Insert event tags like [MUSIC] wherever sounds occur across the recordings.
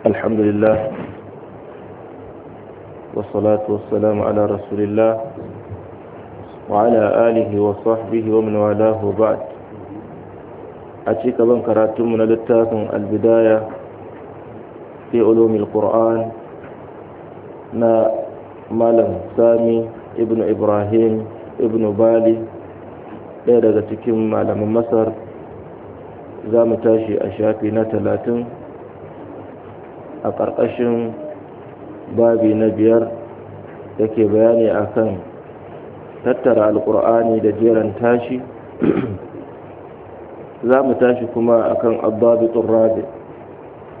الحمد لله والصلاة والسلام على رسول الله وعلى آله وصحبه ومن والاه وبعد أتيك بن كراتم من للتاف البداية في علوم القرآن نا مالم سامي ابن إبراهيم ابن بالي ɗaya daga cikin malaman masar za mu tashi a shafi na talatin a ƙarƙashin babi na biyar da ke bayani kan tattara alƙur'ani da jeran tashi [CLEARS THROAT] za mu tashi kuma akan abbabitun rabi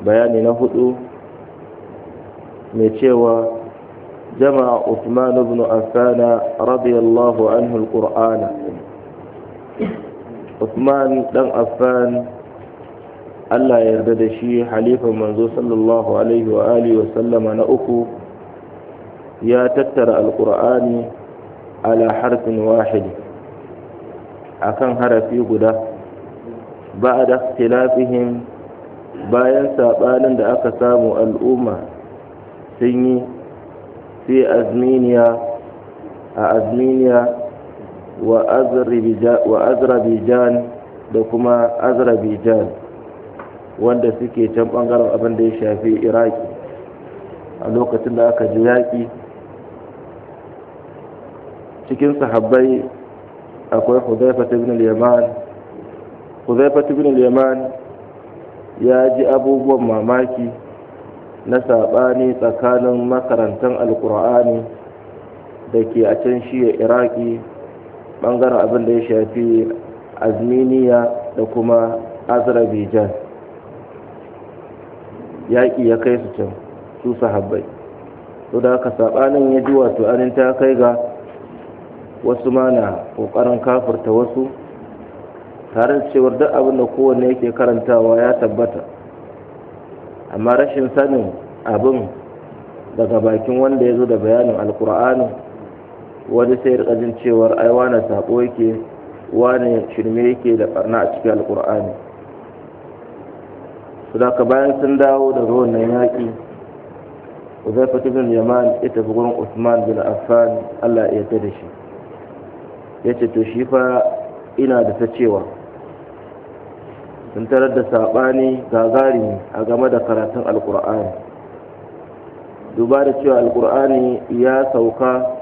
bayani na hudu mai cewa Jama'a usman ibn عفان radiyallahu anhu عنه القرآن عثمان بن Allah ya yarda da shi halifan manzo sallallahu alaihi wa alihi wa sallama na uku ya tattara alqur'ani ala harfin wahid akan harafi guda ba'da ikhtilafihim bayan sabanin da aka samu al'umma sun yi fi azminiya a azminiya wa azrabijan da kuma azrabijan wanda suke can bangaren abin da ya shafi iraki a lokacin da aka ji yaƙi cikin sahabbai akwai huzaifat ibn al-yaman huzaifat ibn al ya ji abubuwan mamaki na saɓani tsakanin makarantar alkur'ani da ke a can shiya iraki bangaren abin da ya shafi azminiya da kuma azerbaijan yaƙi ya kai su can su sahabbai to da haka sabanin ya ji wato anin ta kai ga wasu ma na ƙoƙarin kafirta wasu tare da cewar duk abin da kowanne yake karantawa ya tabbata amma rashin sanin abin daga bakin wanda ya zo da bayanin alkur'ani wani sai rika jin cewar ai wane sabo yake wane shirme yake da barna a cikin alkur'ani ka bayan sun dawo daga wannan yaƙi uzaifa ibn yaman ya tafi gurin usman bin affan allah ya ta da shi ya ce to shi fa ina da ta cewa sun tarar da saɓani gagari a game da karatun alkur'ani duba da cewa alkur'ani ya sauka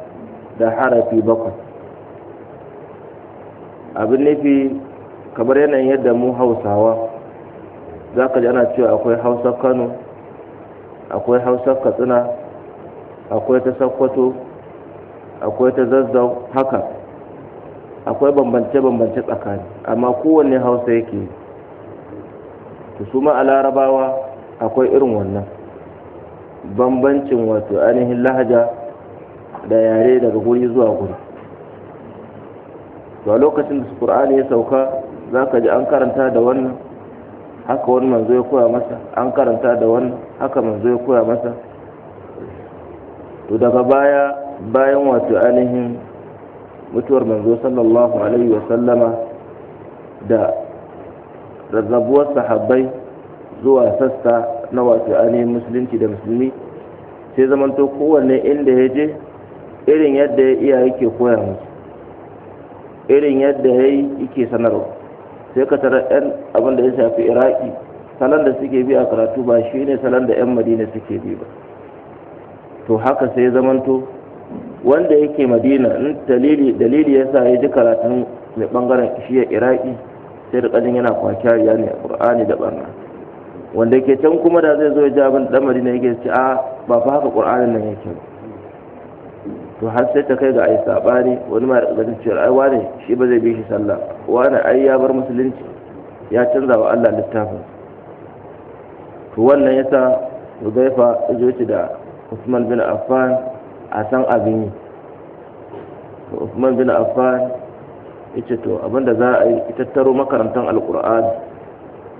da harafi bakwai abin nufi kamar yanayin yadda mu hausawa za ka ji ana cewa akwai hausa kano akwai hausa katsina akwai ta sakkwato akwai ta zazzau haka akwai bambance-bambance tsakani amma kowanne hausa yake ta su ma a larabawa akwai irin wannan bambancin wato ainihin lahaja da yare daga guri zuwa guri to a lokacin da ƙur'ani ya sauka za ka ji an karanta da wannan haka wani manzo ya koya masa an karanta da wani haka manzo ya koya masa to daga baya bayan wato ainihin mutuwar manzo sallallahu alaihi wa sallama da rarrabuwar sahabbai zuwa sassa na wato ainihin musulunci da musulmi sai zamanto kowanne inda ya je irin yadda ya iya yake koya musu irin yadda ya yi yake sanarwa sai ka tara yan abin da ya shafi iraki salon da suke bi a karatu ba shi ne salon da yan madina suke bi ba to haka sai zamanto wanda yake madina in dalili dalili yasa ya ji karatun mai bangaren shiya iraki sai da kajin yana kwakyariya ne a qur'ani da barna wanda ke can kuma da zai zo ya ji abin da madina yake ce a ba fa haka qur'anin nan yake ba to har sai ta kai ga ai sabani wani ma da cewa ai wane shi ba zai bi shi sallah wane ai ya bar musulunci ya canza wa Allah littafin to wannan yasa Hudayfa ya da Usman bin Affan a san abin yi to Usman bin Affan yace to abinda za a yi tattaro makarantar alqur'ani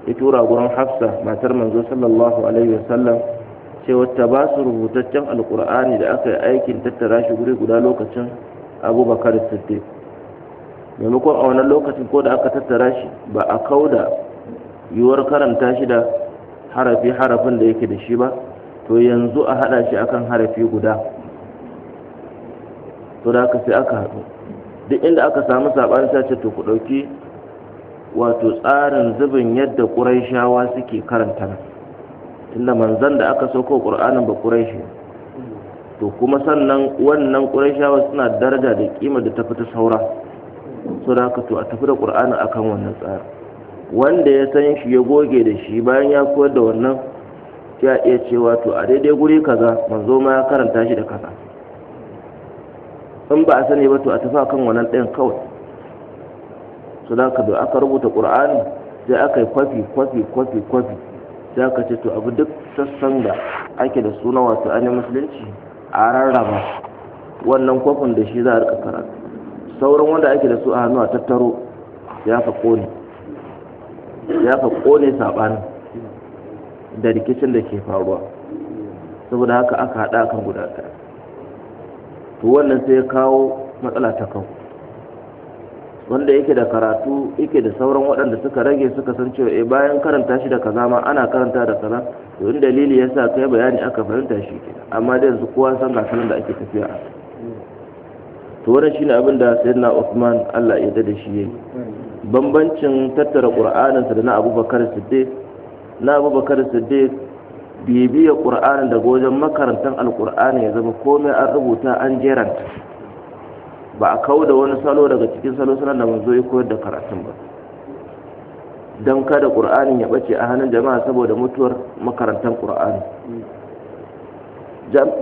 ya tura gurin Hafsa matar manzo sallallahu alaihi wasallam cewar ta ba su rubutaccen alkur'ani da aka yi aikin tattara shi guri guda lokacin abubakar siddiq maimakon a wannan lokacin ko da aka tattara shi ba a kauda yiwuwar karanta shi da harafi harafin da yake da shi ba to yanzu a hada shi akan harafi guda to da aka sai aka haɗu duk inda aka samu saɓani ce to ku ɗauki wato tsarin zubin yadda shawa suke karanta nan tunda manzan da aka sauko ƙur'anin ba ƙuraishi to kuma sannan wannan ƙuraishawa suna daraja da ƙimar da tafi ta saura so da haka to a tafi da ƙur'anin akan wannan tsari wanda ya san shi ya goge da shi bayan ya koyar da wannan ya iya cewa to a daidai guri kaza manzo ma ya karanta shi da kaza in ba a sani ba to a tafi akan wannan ɗayan kawai so da haka da aka rubuta ƙur'ani sai aka yi kwafi kwafi kwafi kwafi za ka ce to abu duk sassan da ake da suna wasu ainihin musulunci a rarraba wannan kwafin da shi za a rika sauran wanda ake da su a hannu a tattaro ya ka kone ya kone da rikicin da ke faruwa saboda haka aka haɗa kan guda ɗaya to wannan sai ya kawo matsala ta kawo wanda yake da karatu yake da sauran waɗanda suka rage suka san cewa eh bayan karanta shi da kaza ma ana karanta da kaza to in dalili yasa kai bayani aka fahimta shi amma da yanzu kowa san ga da ake tafiya a to wannan shine abin da sayyidina Uthman Allah ya da shi yayi bambancin tattara Qur'anin sa da na Abubakar Siddiq na Abubakar Siddiq bibiya Qur'anin daga wajen makarantar Al-Qur'ani ya zama komai an rubuta an jeranta ba a kawo da wani salo daga cikin salo salon da manzo ya koyar da karatun ba don kada ƙur'anin ya ɓace a hannun jama'a saboda mutuwar makarantar ƙur'ani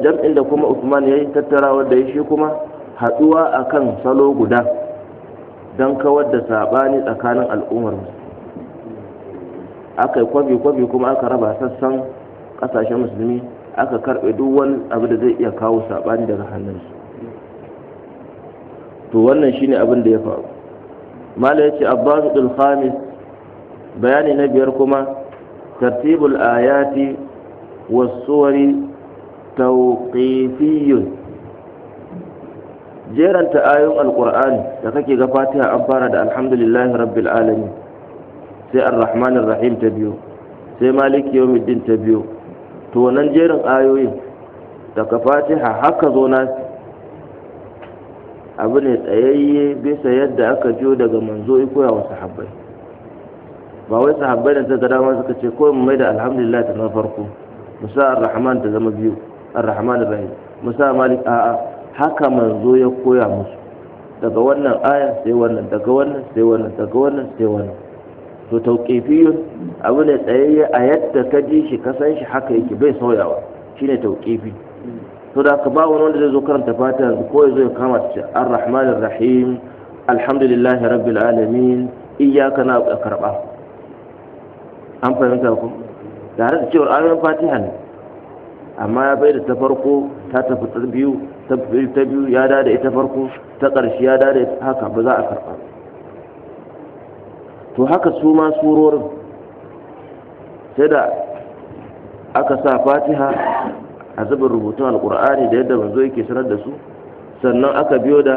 jam'in da kuma usman ya yi tattara wanda ya shi kuma haɗuwa a kan salo guda don kawar da saɓani tsakanin al'ummar aka yi kwabi-kwabi kuma aka raba sassan ƙasashen musulmi aka karɓe duk wani abu da zai iya kawo saɓani daga hannunsu to wannan shine abin da ya faru mala yace abbasul khamis bayani na biyar kuma tartibul ayati was suwari jeranta ayon alqur'ani da kake ga fatiha an fara da alhamdulillahi rabbil alamin sai arrahmanir rahim ta biyo sai maliki yawmiddin ta biyo to wannan jerin ayoyin daga fatiha haka zo nasi abu ne tsayayye bisa yadda aka jiyo daga manzo ikoya koya wa sahabbai ba wai sahabbai da suka dama suka ce ko mu mai da alhamdulillah ta na farko musa ar-rahman ta zama biyu ar-rahman rahim musa malik a'a haka manzo ya koya musu daga wannan aya sai wannan daga wannan sai wannan daga wannan sai wannan to tauqifiyun abu ne tsayayye a yadda ka ji shi ka san shi haka yake bai sauyawa shine tauqifi to da ka ba wani wanda zai zo karanta fatiha ko ya zo ya kama ta ar-rahman ar-rahim alhamdulillah rabbil alamin iyyaka na'budu karba an fahimta ku tare da cewar ayoyin fatiha ne amma ya bai da ta farko ta tafi ta biyu ta biyu ya da ita farko ta ƙarshe ya da ita haka ba za a karba to haka su ma surorin sai da aka sa fatiha a zubin rubutun alkur'ani da yadda manzo yake sanar da su sannan aka biyo da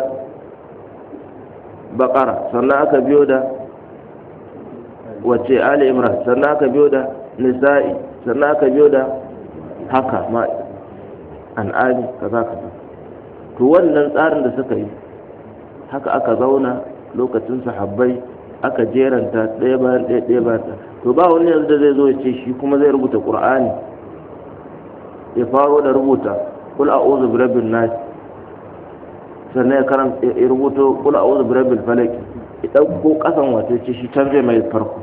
bakara sannan aka biyo da wace ali imran sannan aka biyo da nisa'i sannan aka biyo da haka ma an'ami kaza kaza to wannan tsarin da suka yi haka aka zauna lokacin sahabbai aka jeranta ɗaya bayan ɗaya ɗaya bayan to ba wani yanzu da zai zo ya ce shi kuma zai rubuta ƙur'ani ya faro da rubuta kula a uzu birabin nas sannan ya karan ya rubuto kula a bi birabin falaq ya kasan wato ce shi canje mai farko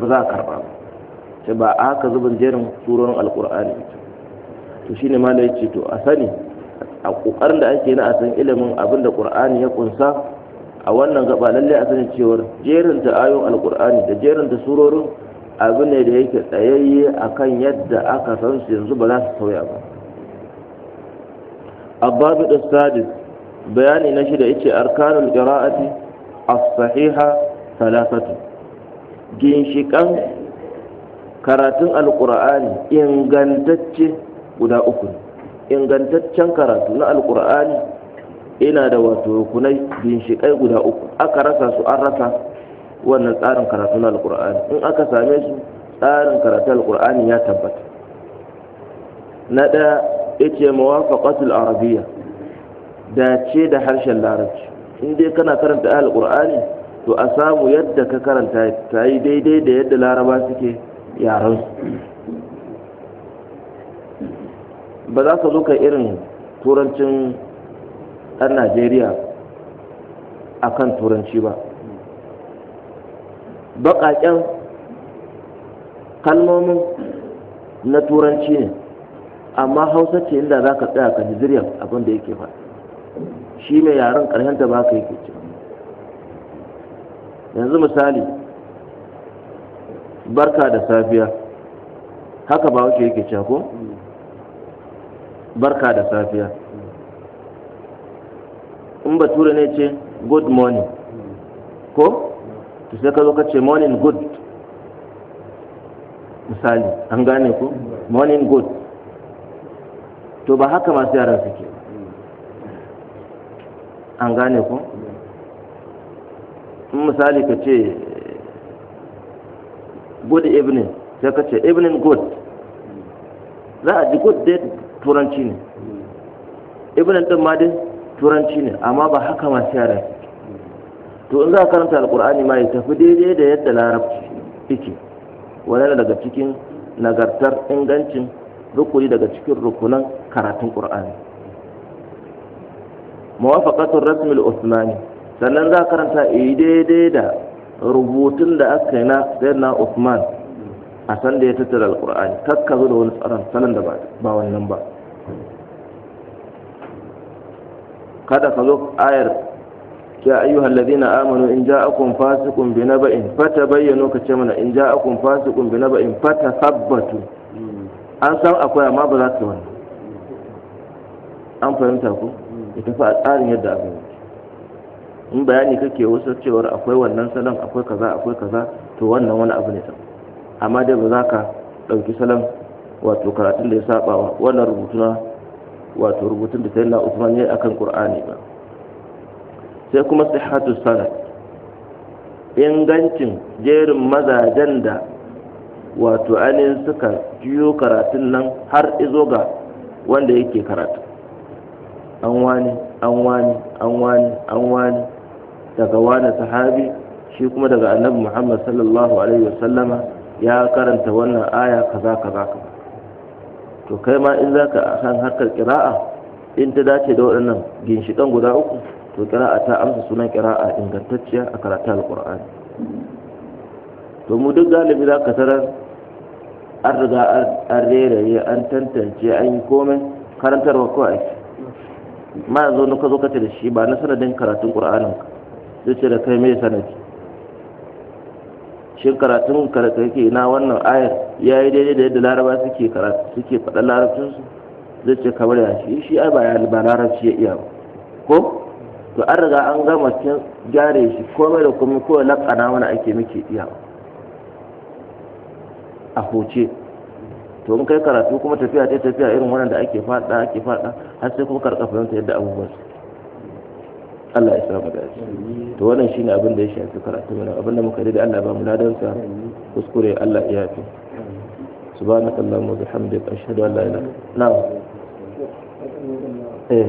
ba za a karba ba ce ba a haka zubin jerin surorin alqur'ani to shine ma da ce to a sani a kokarin da ake na a san ilimin abin da kur'ani ya ƙunsa a wannan gaba lallai a sani cewar jerin ta ayon alkur'ani da jerin ta surorin abu ne da yake tsayayye a kan yadda aka san su yanzu ba za su sauya ba abbabi da sadis bayani na shida yake arkanul qira'ati a sahiha thalathatu ginshikan karatun alqur'ani ingantacce guda uku ingantaccen karatu na alqur'ani ina da wato rukunai ginshikai guda uku aka rasa su an rasa wannan tsarin karatu na alkur'ani in aka same su tsarin karatu alkur'ani ya tabbata na ɗaya ya ce arabiya arabiyya dace da harshen larabci in dai kana karanta alkur'ani to a samu yadda ka karanta ta yi daidai da yadda laraba suke yaran ba za ka zo ka irin turancin ɗan najeriya akan turanci ba baƙaƙen kalmomin na turanci ne amma hausa ce inda za ka tsaya ka hijiriyar abin da yake faɗi shi mai yaren ƙarshen da ba ka yake ce yanzu misali barka da safiya haka ba wuce yake cewa ko barka da safiya in bature ne ce good morning ko to sai ka zo ka ce morning good misali an gane ku morning good to ba haka masu yaran suke an gane ku in misali ka ce good evening sai ka ce evening good za a ji good day turanci ne evening din ma dai turanci ne amma ba haka masu yaran suke to in za a karanta alkur'ani ma ya tafi daidai da yadda larabci yake wani daga cikin nagartar ingancin rukuni daga cikin rukunan karatun qur'ani muwafaqatul rasmi al usmani sannan za karanta daidai da rubutun da aka yi na sayyidina usman a san da ya tattara alkur'ani kakka zo da wani tsaron sanan da ba wannan ba kada ka zo ayar يا أيها الذين آمنوا إن جاءكم فاسق بنبأ فتبينوا كتمنا إن جاءكم فاسق بنبأ فتثبتوا an san akwai amma ba za ta wani an fahimta ku ya tafi a tsarin yadda ne. in bayani kake wasu cewar akwai wannan salon akwai kaza akwai kaza to wannan wani abu ne ta amma dai ba za ka ɗauki salon wato karatun da ya saba wa wannan rubutu na wato rubutun da ta yi na usman ya akan qur'ani ba sai kuma sihatu sana ingancin jerin mazajen da wato ainihin suka juyo karatun nan har izo ga wanda yake karatu an wani an wani an wani an wani daga wani sahabi shi kuma daga annabi muhammad sallallahu alaihi wasallama ya karanta wannan aya kaza kaza kaza to kai ma in za zaka san harkar kira'a in ta dace da waɗannan ginshiƙan guda uku to kira'a ta amsa sunan kira'a ingantacciya a karatun alqur'ani to mu duk galibi za ka tarar an riga an reraye an tantance an yi komai karantarwa kawai ake ma yanzu ka zo kace da shi ba na sanadin karatun ƙur'anin ka zai ce da kai mai sanadi shi karatun karatu yake na wannan ayar ya yi daidai da yadda laraba suke karatu suke faɗa larabcinsu zai ce kamar ya shi shi ai ba larabci ya iya ba ko to an riga an gama kin gyare shi komai da komai ko lakana mana ake muke iya a huce to in kai karatu kuma tafiya ta tafiya irin wannan da ake fada ake fada har sai kuma karkafa yanta yadda abubuwan su Allah ya samu dace to wannan shine abin da ya shafi karatu mana abin da muka da Allah ba mu ladan sa kuskure Allah ya yafi subhanakallahumma wa bihamdika ashhadu an la ilaha illa anta eh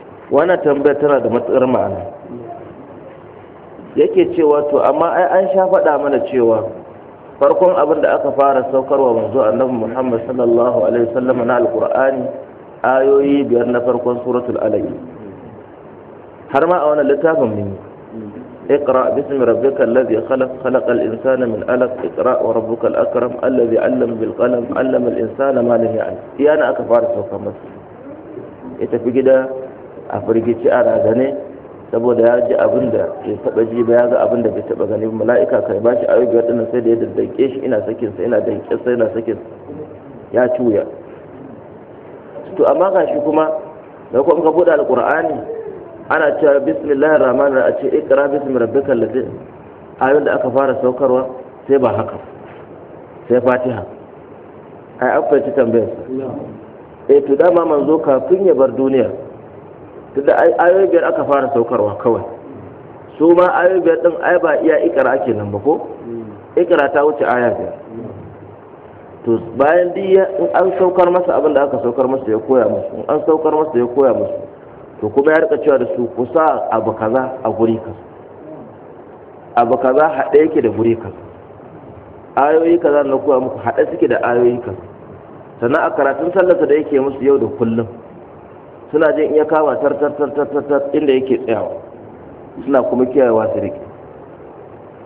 wannan tambaya tana da matsar ma'ana yake cewa to amma ai an sha faɗa mana cewa farkon abin da aka fara saukarwa manzo annabi Muhammad sallallahu alaihi wasallam na alqur'ani ayoyi biyar na farkon suratul alaq har ma a wannan littafin mun اقرأ باسم ربك الذي خلق خلق الإنسان من ألق اقرأ وربك الأكرم الذي علم بالقلم علم الإنسان ما لم يعلم يعني أكفار سوف مصر يتفي a firgici a razane saboda ya ji abin da ya taba ji ba ya ga abin da bai taba gani mala'ika kai ba shi ayyuka wadannan sai da ya daddake shi ina sakin sa ina danke sa ina sakin ya tuya to amma shi kuma da kuma ka bude alqur'ani ana cewa bismillahir rahmanir rahim a ce ikra bismi rabbikal ladzi ayoyin da aka fara saukarwa sai ba haka sai fatiha ai akwai fahimci tambayar sa eh to dama manzo kafin ya bar duniya tunda ayoyi biyar aka fara saukarwa kawai su ma ayoyi biyar din ai ba iya ikara ake nan ba ko ikara ta wuce aya biyar to bayan diya in an saukar masa abin da aka saukar masa ya koya musu in an saukar masa ya koya musu to kuma ya rika cewa da su ku sa abu kaza a guri ka. abu kaza haɗe yake da guri ka. ayoyi kaza na koya muku haɗe suke da ayoyi ka. sannan a karatun sallarsa da yake musu yau da kullum suna jin iya kama tar tar tar tar tar inda yake tsayawa suna kuma kiyayewa su rike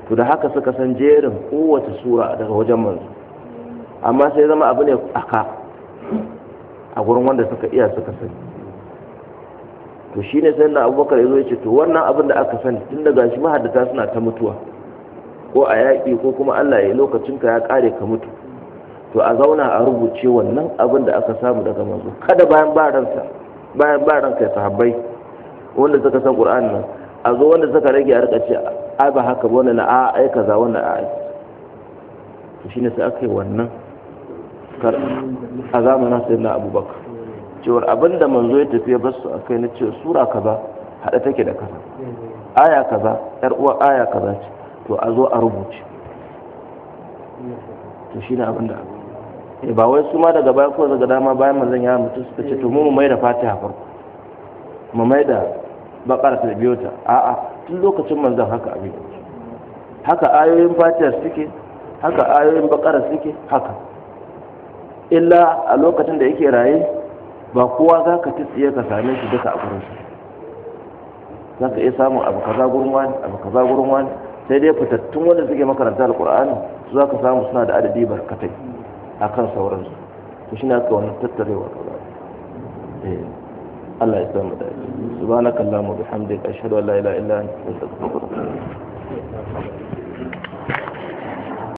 to da haka suka san jerin kowace sura daga wajen manzo amma sai zama abu ne aka a gurin wanda suka iya suka sani to shine sai na abubakar ya zo ya ce to wannan abin da aka sani tun daga shi mahaddata suna ta mutuwa ko a yaƙi ko kuma Allah ya lokacin ka ya ƙare ka mutu to a zauna a rubuce wannan abin da aka samu daga manzo kada bayan ba ransa Bayan ba ran kai sahabbai wanda suka san qur'ani nan a zo wanda suka rage a rika ce ai ba haka ba wannan a ai kaza wannan a ai to shine sai aka yi wannan a zamanin sayyidina abubakar cewar abinda manzo ya tafiya ba su akai na cewa sura kaza hada take da kaza aya kaza yar uwa aya kaza ce to a zo a rubuce to shine abinda Eh, ba wai su ma daga baya ko daga dama bayan manzon ya mutu suka ce to mu mu mai da fatiha farko mu mai da bakara ta biyo ta a'a tun lokacin manzon haka abin haka ayoyin fatiha suke haka ayoyin bakara suke haka illa a lokacin da yake raye ba kowa za ka tsiye ka same shi duka a gurin za ka iya samun abu kaza gurin wani abu kaza gurin wani sai dai fitattun wanda suke makaranta alkur'ani su za ka samu suna da adadi barkatai a kan sauransu to shi ne aka wani tattarewa ka eh, Allah ya samu da shi subhanakallahumma bihamdika ashhadu an la ilaha illa anta astaghfiruka wa